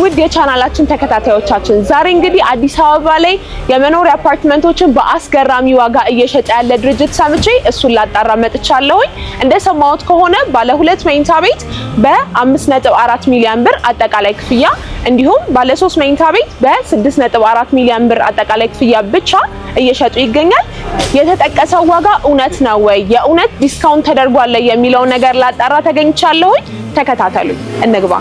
ውድ የቻናላችን ተከታታዮቻችን ዛሬ እንግዲህ አዲስ አበባ ላይ የመኖሪያ አፓርትመንቶችን በአስገራሚ ዋጋ እየሸጠ ያለ ድርጅት ሰምቼ እሱን ላጣራ መጥቻለሁኝ። እንደሰማሁት ከሆነ ባለ ሁለት መኝታ ቤት በ5.4 ሚሊዮን ብር አጠቃላይ ክፍያ እንዲሁም ባለ ሶስት መኝታ ቤት በ6.4 ሚሊዮን ብር አጠቃላይ ክፍያ ብቻ እየሸጡ ይገኛል። የተጠቀሰው ዋጋ እውነት ነው ወይ? የእውነት ዲስካውንት ተደርጓል የሚለውን ነገር ላጣራ ተገኝቻለሁኝ። ተከታተሉኝ፣ እንግባ።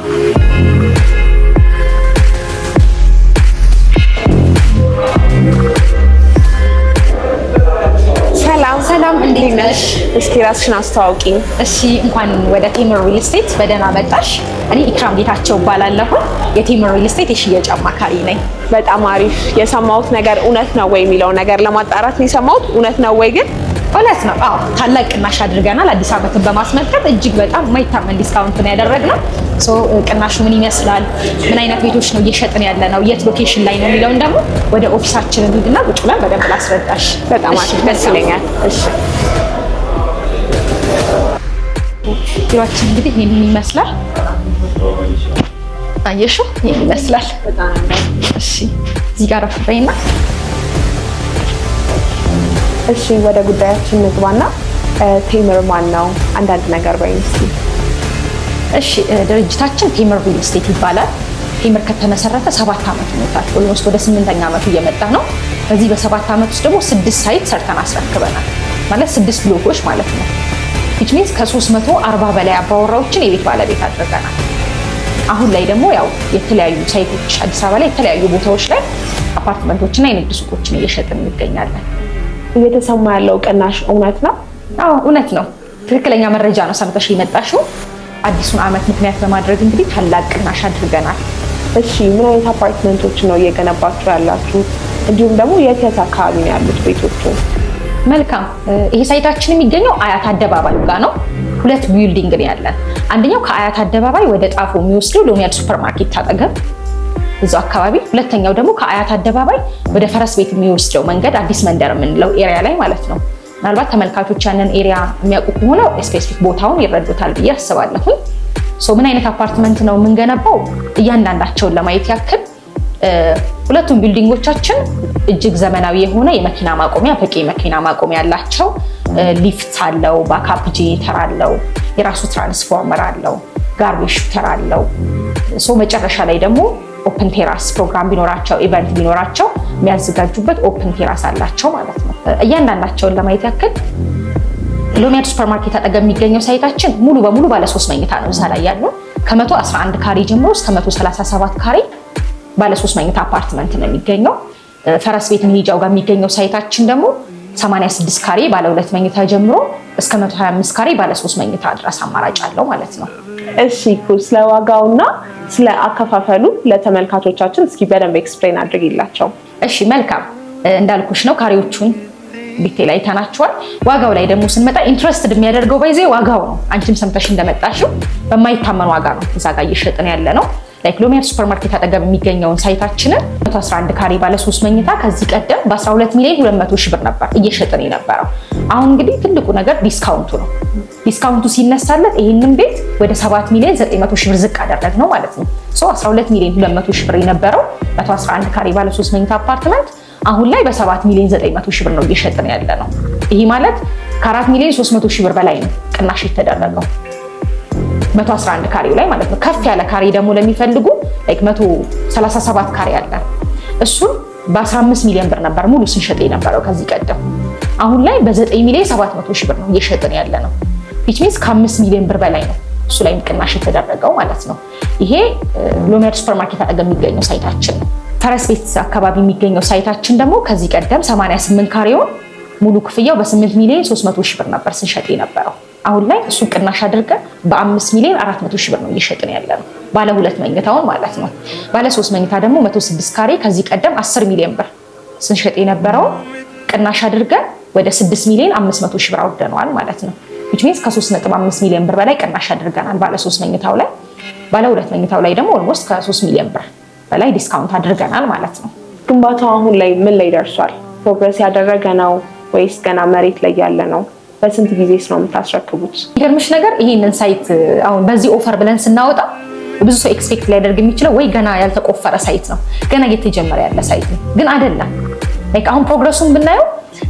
ሰላም ሰላም፣ እንዴት ነሽ? እስኪ ራስሽን አስተዋውቂ። እሺ፣ እንኳን ወደ ቴምር ሪል ስቴት በደህና መጣሽ። እኔ ኢክራም ጌታቸው እባላለሁ። የቴምር ሪል ስቴት የሽያጭ አማካሪ ነኝ። በጣም አሪፍ። የሰማሁት ነገር እውነት ነው ወይ የሚለው ነገር ለማጣራት ነው የሰማሁት። እውነት ነው ወይ ግን እውነት ነው። አዎ ታላቅ ቅናሽ አድርገናል። አዲስ ዓመትን በማስመልከት እጅግ በጣም የማይታመን ዲስካውንት ነው ያደረግነው። ሶ ቅናሹ ምን ይመስላል፣ ምን አይነት ቤቶች ነው እየሸጥን ያለ ነው፣ የት ሎኬሽን ላይ ነው የሚለውን ደግሞ ወደ ኦፊሳችን እንሂድና ቁጭ ብለን በደንብ ላስረዳሽ። በጣም ደስ ይለኛል። እሺ ቢሮአችን እንግዲህ ይህንን ይመስላል። አየሽው፣ ይህን ይመስላል። እሺ እዚህ ጋር ፍሬና እሺ ወደ ጉዳያችን ምግባና ቴምር ማን ነው? አንዳንድ ነገር በይ እስኪ። እሺ ድርጅታችን ቴምር ሪል ስቴት ይባላል። ቴምር ከተመሰረተ ሰባት ዓመት ሞታል። ኦልሞስት ወደ ስምንተኛ ዓመቱ እየመጣ ነው። በዚህ በሰባት ዓመት ውስጥ ደግሞ ስድስት ሳይት ሰርተን አስረክበናል። ማለት ስድስት ብሎኮች ማለት ነው። ዊች ሚንስ ከ340 በላይ አባወራዎችን የቤት ባለቤት አድርገናል። አሁን ላይ ደግሞ ያው የተለያዩ ሳይቶች አዲስ አበባ ላይ የተለያዩ ቦታዎች ላይ አፓርትመንቶችና የንግድ ሱቆችን እየሸጥን እንገኛለን። እየተሰማ ያለው ቅናሽ እውነት ነው? አዎ እውነት ነው። ትክክለኛ መረጃ ነው ሰምተሽ የመጣሽው። አዲሱን ዓመት ምክንያት በማድረግ እንግዲህ ታላቅ ቅናሽ አድርገናል። እሺ ምን አይነት አፓርትመንቶች ነው እየገነባችሁ ያላችሁ? እንዲሁም ደግሞ የት የት አካባቢ ነው ያሉት ቤቶቹ? መልካም። ይሄ ሳይታችን የሚገኘው አያት አደባባይ ጋር ነው። ሁለት ቢልዲንግ ነው ያለን። አንደኛው ከአያት አደባባይ ወደ ጣፎ የሚወስደው ሎሚያድ ሱፐርማርኬት አጠገብ እዛው አካባቢ። ሁለተኛው ደግሞ ከአያት አደባባይ ወደ ፈረስ ቤት የሚወስደው መንገድ አዲስ መንደር የምንለው ኤሪያ ላይ ማለት ነው። ምናልባት ተመልካቾች ያንን ኤሪያ የሚያውቁ ከሆነ ስፔሲፊክ ቦታውን ይረዱታል ብዬ አስባለሁኝ። ምን አይነት አፓርትመንት ነው የምንገነባው? እያንዳንዳቸውን ለማየት ያክል ሁለቱም ቢልዲንጎቻችን እጅግ ዘመናዊ የሆነ የመኪና ማቆሚያ በቂ መኪና ማቆሚያ ያላቸው፣ ሊፍት አለው፣ ባካፕ ጄኔተር አለው፣ የራሱ ትራንስፎርመር አለው፣ ጋርቤጅ ሹተር አለው። መጨረሻ ላይ ደግሞ ኦፕን ቴራስ ፕሮግራም ቢኖራቸው ኢቨንት ቢኖራቸው የሚያዘጋጁበት ኦፕን ቴራስ አላቸው ማለት ነው። እያንዳንዳቸውን ለማየት ያክል ሎሚያድ ሱፐርማርኬት አጠገብ የሚገኘው ሳይታችን ሙሉ በሙሉ ባለሶስት መኝታ ነው። እዛ ላይ ያለው ከ111 ካሬ ጀምሮ እስከ 137 ካሬ ባለሶስት መኝታ አፓርትመንት ነው የሚገኘው። ፈረስ ቤት መሄጃው ጋር የሚገኘው ሳይታችን ደግሞ 86 ካሬ ባለ ሁለት መኝታ ጀምሮ እስከ 125 ካሬ ባለ ሶስት መኝታ ድረስ አማራጭ አለው ማለት ነው። እሺ እኮ ስለ ዋጋውና ስለ አከፋፈሉ ለተመልካቾቻችን እስኪ በደንብ ኤክስፕሌን አድርጊላቸው። እሺ መልካም እንዳልኩሽ ነው ካሬዎቹን ዲቴል አይተናቸዋል። ዋጋው ላይ ደግሞ ስንመጣ ኢንትረስትድ የሚያደርገው ባይዜ ዋጋው ነው። አንቺም ሰምተሽ እንደመጣሽው በማይታመን ዋጋ ነው እዛ ጋር እየሸጥን ያለ ነው። ላይክ ሎሚያ ሱፐር ማርኬት አጠገብ የሚገኘውን ሳይታችንን 11 ካሬ ባለ 3 መኝታ ከዚህ ቀደም በ12 ሚሊዮን 200 ሺህ ብር ነበር እየሸጥን የነበረው። አሁን እንግዲህ ትልቁ ነገር ዲስካውንቱ ነው። ዲስካውንቱ ሲነሳለት ይህንን ቤት ወደ 7 ሚሊዮን 900 ሺህ ብር ዝቅ አደረግ ነው ማለት ነው። 12 ሚሊዮን 200 ሺህ ብር የነበረው 111 ካሬ ባለ 3 መኝታ አፓርትመንት አሁን ላይ በ7 ሚሊዮን 900 ሺህ ብር ነው እየሸጥን ያለ ነው። ይህ ማለት ከ4 ሚሊዮን 300 ሺህ ብር በላይ ነው ቅናሽ የተደረገው 111 ካሬው ላይ ማለት ነው። ከፍ ያለ ካሬ ደግሞ ለሚፈልጉ 137 ካሬ አለ። እሱን በ15 ሚሊዮን ብር ነበር ሙሉ ስንሸጥ የነበረው ከዚህ ቀደም። አሁን ላይ በ9 ሚሊዮን 700 ሺህ ብር ነው እየሸጥን ያለ ነው። ዊች ሚንስ ከአምስት ሚሊዮን ብር በላይ ነው እሱ ላይ ቅናሽ የተደረገው ማለት ነው። ይሄ ሎሚያድ ሱፐር ማርኬት አጠገብ የሚገኘው ሳይታችን ነው። ፈረስ ቤት አካባቢ የሚገኘው ሳይታችን ደግሞ ከዚህ ቀደም 88 ካሬውን ሙሉ ክፍያው በ8 ሚሊዮን 300 ሺህ ብር ነበር ስንሸጥ የነበረው። አሁን ላይ እሱ ቅናሽ አድርገን በ5 ሚሊዮን 400 ሺህ ብር ነው እየሸጥን ያለ ነው። ባለ ሁለት መኝታውን ማለት ነው። ባለ ሶስት መኝታ ደግሞ 106 ካሬ ከዚህ ቀደም 10 ሚሊዮን ብር ስንሸጥ የነበረውን ቅናሽ አድርገን ወደ 6 ሚሊዮን 500 ሺህ ብር አውርደነዋል ማለት ነው። ዊች ሚንስ ከ3.5 ሚሊዮን ብር በላይ ቅናሽ አድርገናል ባለ 3 መኝታው ላይ። ባለ 2 መኝታው ላይ ደግሞ ኦልሞስት ከ3 ሚሊዮን ብር በላይ ዲስካውንት አድርገናል ማለት ነው። ግንባታው አሁን ላይ ምን ላይ ደርሷል? ፕሮግረስ ያደረገ ነው ወይስ ገና መሬት ላይ ያለ ነው? በስንት ጊዜ ነው የምታስረክቡት? የሚገርምሽ ነገር ይህንን ሳይት አሁን በዚህ ኦፈር ብለን ስናወጣ ብዙ ሰው ኤክስፔክት ሊያደርግ የሚችለው ወይ ገና ያልተቆፈረ ሳይት ነው፣ ገና እየተጀመረ ያለ ሳይት ነው። ግን አይደለም። አሁን ፕሮግረሱን ብናየው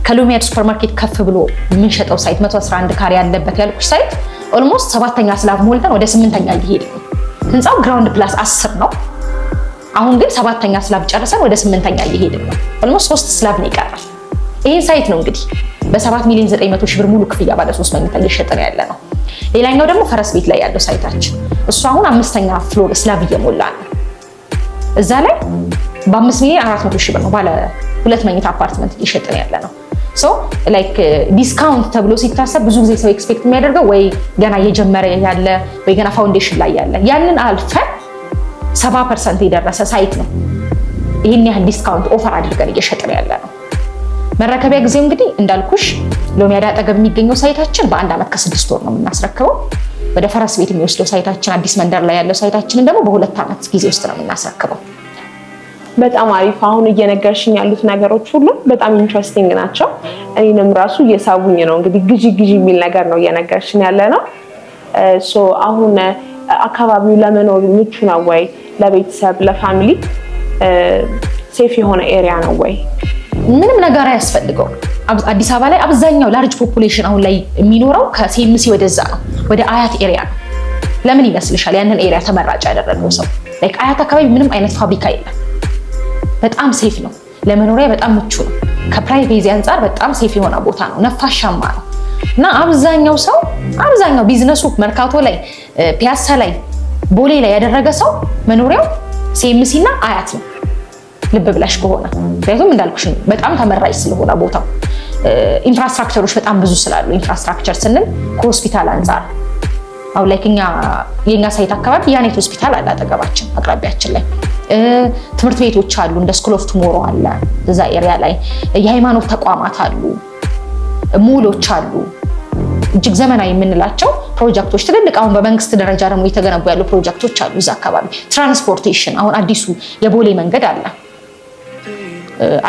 ከሎሚያድ ሱፐርማርኬት ከፍ ብሎ የምንሸጠው ሳይት 111 ካሬ ያለበት ያልኩሽ ሳይት ኦልሞስት ሰባተኛ ስላብ ሞልተን ወደ ስምንተኛ እየሄድ ህንፃው ግራውንድ ፕላስ አስር ነው። አሁን ግን ሰባተኛ ስላብ ጨርሰን ወደ ስምንተኛ እየሄድ ነው። ኦልሞስት ሶስት ስላብ ነው ይቀራል። ይህን ሳይት ነው እንግዲህ በ7 ሚሊዮን 900 ሺህ ብር ሙሉ ክፍያ ባለ ሶስት መኝታ እየሸጠ ነው ያለ ነው። ሌላኛው ደግሞ ፈረስ ቤት ላይ ያለው ሳይታችን እሱ አሁን አምስተኛ ፍሎር ስላብ እየሞላ ነው እዛ ላይ በአምስት ሚሊዮን አራት መቶ ሺህ ብር ነው ባለ ሁለት መኝታ አፓርትመንት እየሸጥን ያለ ነው። ሶ ላይክ ዲስካውንት ተብሎ ሲታሰብ ብዙ ጊዜ ሰው ኤክስፔክት የሚያደርገው ወይ ገና እየጀመረ ያለ ወይ ገና ፋውንዴሽን ላይ ያለ ያንን አልፈን ሰባ ፐርሰንት የደረሰ ሳይት ነው። ይህን ያህል ዲስካውንት ኦፈር አድርገን እየሸጥን ያለ ነው። መረከቢያ ጊዜው እንግዲህ እንዳልኩሽ ሎሚ አዳ አጠገብ የሚገኘው ሳይታችን በአንድ ዓመት ከስድስት ወር ነው የምናስረክበው። ወደ ፈረስ ቤት የሚወስደው ሳይታችን አዲስ መንደር ላይ ያለው ሳይታችንን ደግሞ በሁለት ዓመት ጊዜ ውስጥ ነው የምናስረክበው። በጣም አሪፍ። አሁን እየነገርሽኝ ያሉት ነገሮች ሁሉ በጣም ኢንትረስቲንግ ናቸው። እኔንም ራሱ እየሳቡኝ ነው። እንግዲህ ግዢ ግዢ የሚል ነገር ነው እየነገርሽን ያለ ነው። አሁን አካባቢው ለመኖር ምቹ ነው ወይ? ለቤተሰብ ለፋሚሊ ሴፍ የሆነ ኤሪያ ነው ወይ? ምንም ነገር አያስፈልገው። አዲስ አበባ ላይ አብዛኛው ላርጅ ፖፑሌሽን አሁን ላይ የሚኖረው ከሴምሲ ወደዛ ነው፣ ወደ አያት ኤሪያ ነው። ለምን ይመስልሻል ያንን ኤሪያ ተመራጭ ያደረገው ሰው? አያት አካባቢ ምንም አይነት ፋብሪካ የለም። በጣም ሴፍ ነው፣ ለመኖሪያ በጣም ምቹ ነው። ከፕራይቬሲ አንጻር በጣም ሴፍ የሆነ ቦታ ነው፣ ነፋሻማ ነው እና አብዛኛው ሰው አብዛኛው ቢዝነሱ መርካቶ ላይ፣ ፒያሳ ላይ፣ ቦሌ ላይ ያደረገ ሰው መኖሪያው ሴምሲ እና አያት ነው። ልብ ብላሽ ከሆነ ምክንያቱም እንዳልኩሽ በጣም ተመራጭ ስለሆነ ቦታው ኢንፍራስትራክቸሮች በጣም ብዙ ስላሉ፣ ኢንፍራስትራክቸር ስንል ከሆስፒታል አንጻር አሁን ላይ የኛ ሳይት አካባቢ ያኔት ሆስፒታል አለ አጠገባችን አቅራቢያችን ላይ ትምህርት ቤቶች አሉ፣ እንደ ስኩል ኦፍ ቱሞሮ አለ እዛ ኤሪያ ላይ። የሃይማኖት ተቋማት አሉ፣ ሙሎች አሉ፣ እጅግ ዘመናዊ የምንላቸው ፕሮጀክቶች ትልልቅ አሁን በመንግስት ደረጃ ደግሞ እየተገነቡ ያሉ ፕሮጀክቶች አሉ እዛ አካባቢ። ትራንስፖርቴሽን አሁን አዲሱ የቦሌ መንገድ አለ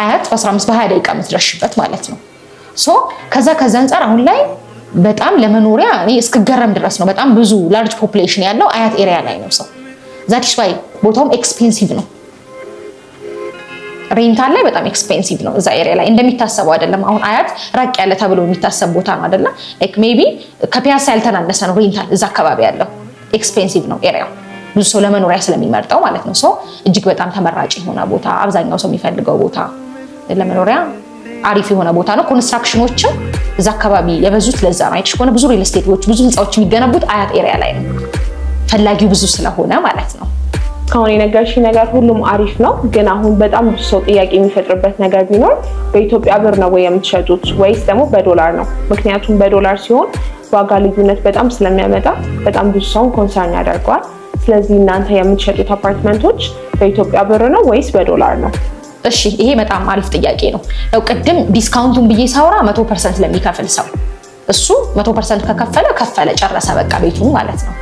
አያት በ15 በ20 ደቂቃ የምትደርሽበት ማለት ነው። ሶ ከዛ ከዛ አንጻር አሁን ላይ በጣም ለመኖሪያ እኔ እስክገረም ድረስ ነው። በጣም ብዙ ላርጅ ፖፕሌሽን ያለው አያት ኤሪያ ላይ ነው ሰው ዛቲስፋይ ቦታውም ኤክስፔንሲቭ ነው። ሬንታል ላይ በጣም ኤክስፔንሲቭ ነው። እዛ ኤሪያ ላይ እንደሚታሰበው አይደለም። አሁን አያት ራቅ ያለ ተብሎ የሚታሰብ ቦታ ነው አይደለ? ሜይ ቢ ከፒያሳ ያልተናነሰ ነው ሬንታል እዛ አካባቢ ያለው ኤክስፔንሲቭ ነው ኤሪያው ብዙ ሰው ለመኖሪያ ስለሚመርጠው ማለት ነው። ሰው እጅግ በጣም ተመራጭ የሆነ ቦታ፣ አብዛኛው ሰው የሚፈልገው ቦታ፣ ለመኖሪያ አሪፍ የሆነ ቦታ ነው። ኮንስትራክሽኖችም እዛ አካባቢ የበዙት ለዛ ነው። አይተሽ ከሆነ ብዙ ሪል ስቴቶች፣ ብዙ ህንፃዎች የሚገነቡት አያት ኤሪያ ላይ ነው፣ ፈላጊው ብዙ ስለሆነ ማለት ነው። እስካሁን የነገርሽ ነገር ሁሉም አሪፍ ነው፣ ግን አሁን በጣም ብዙ ሰው ጥያቄ የሚፈጥርበት ነገር ቢኖር በኢትዮጵያ ብር ነው ወይ የምትሸጡት ወይስ ደግሞ በዶላር ነው? ምክንያቱም በዶላር ሲሆን ዋጋ ልዩነት በጣም ስለሚያመጣ በጣም ብዙ ሰውን ኮንሰርን ያደርገዋል። ስለዚህ እናንተ የምትሸጡት አፓርትመንቶች በኢትዮጵያ ብር ነው ወይስ በዶላር ነው? እሺ ይሄ በጣም አሪፍ ጥያቄ ነው። ያው ቅድም ዲስካውንቱን ብዬ ሳውራ መቶ ፐርሰንት ለሚከፍል ሰው እሱ መቶ ፐርሰንት ከከፈለ ከፈለ ጨረሰ፣ በቃ ቤቱን ማለት ነው።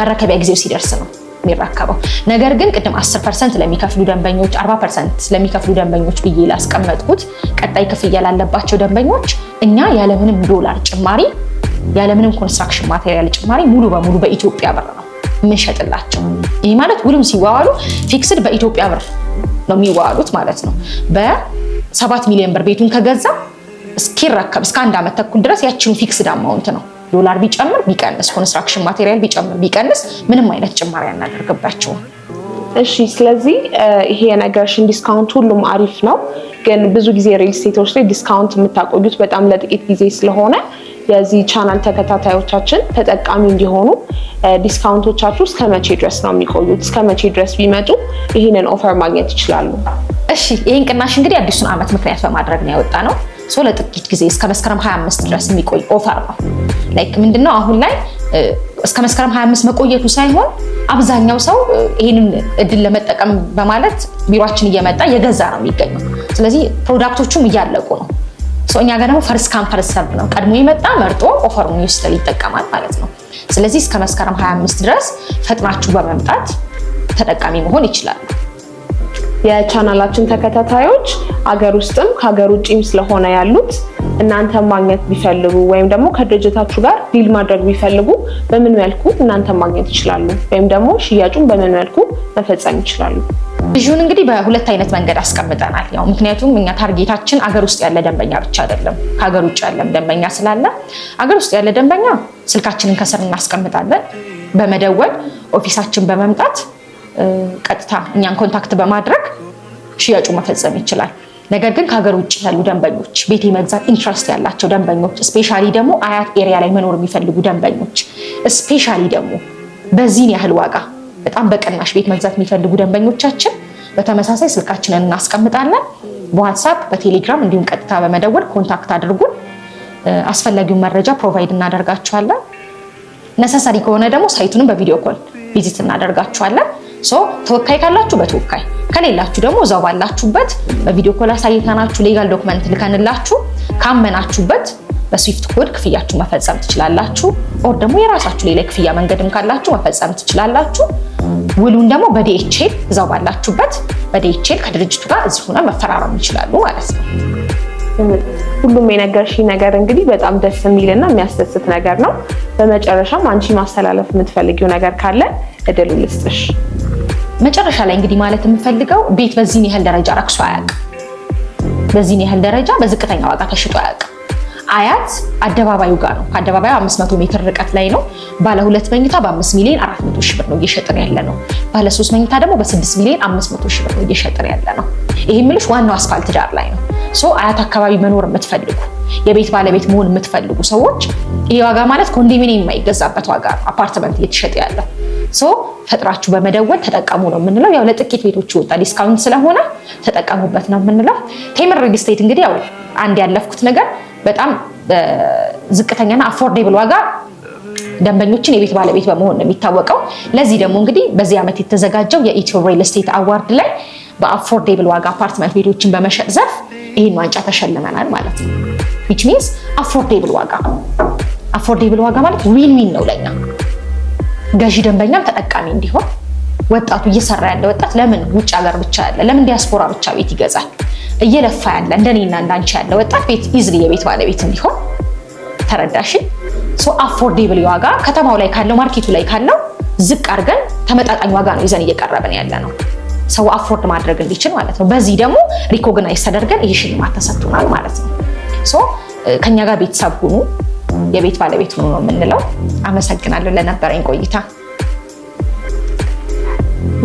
መረከቢያ ጊዜው ሲደርስ ነው የሚረከበው። ነገር ግን ቅድም 10 ፐርሰንት ለሚከፍሉ ደንበኞች፣ 40 ፐርሰንት ለሚከፍሉ ደንበኞች ብዬ ላስቀመጥኩት ቀጣይ ክፍያ ላለባቸው ደንበኞች እኛ ያለምንም ዶላር ጭማሪ ያለምንም ኮንስትራክሽን ማቴሪያል ጭማሪ ሙሉ በሙሉ በኢትዮጵያ ብር ነው የምንሸጥላቸው። ይህ ማለት ውልም ሲዋዋሉ ፊክስድ በኢትዮጵያ ብር ነው የሚዋዋሉት ማለት ነው። በሰባት ሚሊዮን ብር ቤቱን ከገዛ እስኪረከብ እስከ አንድ ዓመት ተኩል ድረስ ያችን ፊክስድ አማውንት ነው ዶላር ቢጨምር ቢቀንስ፣ ኮንስትራክሽን ማቴሪያል ቢጨምር ቢቀንስ፣ ምንም አይነት ጭማሪ አናደርግባቸውም። እሺ። ስለዚህ ይሄ የነገርሽን ዲስካውንት ሁሉም አሪፍ ነው፣ ግን ብዙ ጊዜ ሪል ስቴቶች ላይ ዲስካውንት የምታቆዩት በጣም ለጥቂት ጊዜ ስለሆነ የዚህ ቻናል ተከታታዮቻችን ተጠቃሚ እንዲሆኑ ዲስካውንቶቻችሁ እስከ መቼ ድረስ ነው የሚቆዩት? እስከ መቼ ድረስ ቢመጡ ይህንን ኦፈር ማግኘት ይችላሉ? እሺ። ይህን ቅናሽ እንግዲህ አዲሱን ዓመት ምክንያት በማድረግ ነው ያወጣ ነው። ለጥቂት ጊዜ እስከ መስከረም 25 ድረስ የሚቆይ ኦፈር ነው። ላይክ ምንድነው አሁን ላይ እስከ መስከረም 25 መቆየቱ ሳይሆን አብዛኛው ሰው ይህንን እድል ለመጠቀም በማለት ቢሮችን እየመጣ የገዛ ነው የሚገኘው። ስለዚህ ፕሮዳክቶቹም እያለቁ ነው። እኛ ጋር ደግሞ ፈርስ ካም ፈርስ ሰርቭ ነው። ቀድሞ የመጣ መርጦ ኦፈሩን ይወስዳል፣ ይጠቀማል ማለት ነው። ስለዚህ እስከ መስከረም 25 ድረስ ፈጥናችሁ በመምጣት ተጠቃሚ መሆን ይችላል። የቻናላችን ተከታታዮች አገር ውስጥም ከሀገር ውጭም ስለሆነ ያሉት እናንተን ማግኘት ቢፈልጉ ወይም ደግሞ ከድርጅታችሁ ጋር ዲል ማድረግ ቢፈልጉ በምን መልኩ እናንተን ማግኘት ይችላሉ? ወይም ደግሞ ሽያጩን በምን መልኩ መፈጸም ይችላሉ? ልጁን እንግዲህ በሁለት አይነት መንገድ አስቀምጠናል። ያው ምክንያቱም እኛ ታርጌታችን አገር ውስጥ ያለ ደንበኛ ብቻ አይደለም፣ ከሀገር ውጭ ያለም ደንበኛ ስላለ አገር ውስጥ ያለ ደንበኛ ስልካችንን ከስር እናስቀምጣለን። በመደወል ኦፊሳችን በመምጣት ቀጥታ እኛን ኮንታክት በማድረግ ሽያጩ መፈጸም ይችላል። ነገር ግን ከሀገር ውጭ ያሉ ደንበኞች ቤት የመግዛት ኢንትረስት ያላቸው ደንበኞች ስፔሻሊ ደግሞ አያት ኤሪያ ላይ መኖር የሚፈልጉ ደንበኞች ስፔሻሊ ደግሞ በዚህን ያህል ዋጋ በጣም በቅናሽ ቤት መግዛት የሚፈልጉ ደንበኞቻችን በተመሳሳይ ስልካችንን እናስቀምጣለን። በዋትሳፕ በቴሌግራም እንዲሁም ቀጥታ በመደወል ኮንታክት አድርጉን። አስፈላጊውን መረጃ ፕሮቫይድ እናደርጋችኋለን። ነሰሰሪ ከሆነ ደግሞ ሳይቱንም በቪዲዮ ኮል ቪዚት እናደርጋችኋለን። ሶ ተወካይ ካላችሁ በተወካይ ከሌላችሁ ደግሞ እዛው ባላችሁበት በቪዲዮ ኮል አሳይተናችሁ ሌጋል ዶክመንት ልከንላችሁ ካመናችሁበት በስዊፍት ኮድ ክፍያችሁ መፈጸም ትችላላችሁ። ኦር ደግሞ የራሳችሁ ሌላ ክፍያ መንገድም ካላችሁ መፈጸም ትችላላችሁ። ውሉን ደግሞ በዲኤችኤል እዛው ባላችሁበት በዲኤችኤል ከድርጅቱ ጋር እዚህ ሆነ መፈራረም ይችላሉ ማለት ነው። ሁሉም የነገርሽኝ ነገር እንግዲህ በጣም ደስ የሚልና የሚያስደስት ነገር ነው። በመጨረሻም አንቺ ማስተላለፍ የምትፈልጊው ነገር ካለ እድሉ ልስጥሽ። መጨረሻ ላይ እንግዲህ ማለት የምፈልገው ቤት በዚህን ያህል ደረጃ ረክሶ አያውቅም። በዚህን ያህል ደረጃ በዝቅተኛ ዋጋ ተሽጦ አያውቅም። አያት አደባባዩ ጋር ነው። ከአደባባዩ 500 ሜትር ርቀት ላይ ነው። ባለ ሁለት መኝታ በ5 ሚሊዮን 400 ሺህ ብር ነው እየሸጥን ያለ ነው። ባለ ሶስት መኝታ ደግሞ በ6 ሚሊዮን 500 ሺህ ብር ነው እየሸጥን ያለ ነው። ይህ የምልሽ ዋናው አስፋልት ዳር ላይ ነው። ሶ አያት አካባቢ መኖር የምትፈልጉ የቤት ባለቤት መሆን የምትፈልጉ ሰዎች ይህ ዋጋ ማለት ኮንዶሚኒየም የማይገዛበት ዋጋ ነው። አፓርትመንት እየተሸጠ ያለው ፈጥራችሁ በመደወል ተጠቀሙ ነው የምንለው። ያው ለጥቂት ቤቶች ይወጣ ዲስካውንት ስለሆነ ተጠቀሙበት ነው የምንለው። ቴምር ሪል ስቴት እንግዲህ ያው አንድ ያለፍኩት ነገር በጣም ዝቅተኛና አፎርዴብል ዋጋ ደንበኞችን የቤት ባለቤት በመሆን ነው የሚታወቀው። ለዚህ ደግሞ እንግዲህ በዚህ ዓመት የተዘጋጀው የኢትዮ ሪል ስቴት አዋርድ ላይ በአፎርዴብል ዋጋ አፓርትመንት ቤቶችን በመሸጥ ዘርፍ ይህን ዋንጫ ተሸልመናል ማለት ነው። ዊች ሚንስ አፎርዴብል ዋጋ አፎርዴብል ዋጋ ማለት ዊን ዊን ነው ለኛ ገዢ ደንበኛም ተጠቃሚ እንዲሆን ወጣቱ እየሰራ ያለ ወጣት ለምን ውጭ ሀገር ብቻ ያለ ለምን ዲያስፖራ ብቻ ቤት ይገዛል? እየለፋ ያለ እንደኔና እንዳንቺ ያለ ወጣት ቤት ኢዝሊ የቤት ባለቤት እንዲሆን ተረዳሽ። አፎርዴብል ዋጋ ከተማው ላይ ካለው ማርኬቱ ላይ ካለው ዝቅ አድርገን ተመጣጣኝ ዋጋ ነው ይዘን እየቀረበን ያለ ነው። ሰው አፎርድ ማድረግ እንዲችል ማለት ነው። በዚህ ደግሞ ሪኮግናይዝ ተደርገን ይህ ሽልማት ተሰጥቶናል ማለት ነው። ከኛ ጋር ቤተሰብ ሁኑ። የቤት ባለቤት ሆኖ ነው የምንለው። አመሰግናለሁ ለነበረኝ ቆይታ።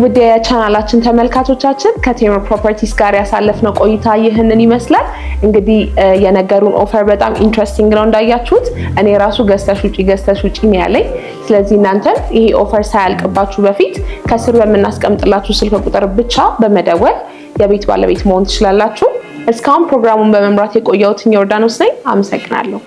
ውድ የቻናላችን ተመልካቾቻችን ከቴምር ፕሮፐርቲስ ጋር ያሳለፍነው ቆይታ ይህንን ይመስላል። እንግዲህ የነገሩን ኦፈር በጣም ኢንትረስቲንግ ነው እንዳያችሁት። እኔ ራሱ ገዝተሽ ውጪ ገዝተሽ ውጪ ነው ያለኝ። ስለዚህ እናንተም ይሄ ኦፈር ሳያልቅባችሁ በፊት ከስር በምናስቀምጥላችሁ ስልክ ቁጥር ብቻ በመደወል የቤት ባለቤት መሆን ትችላላችሁ። እስካሁን ፕሮግራሙን በመምራት የቆየሁትን ዮርዳኖስ ነኝ። አመሰግናለሁ።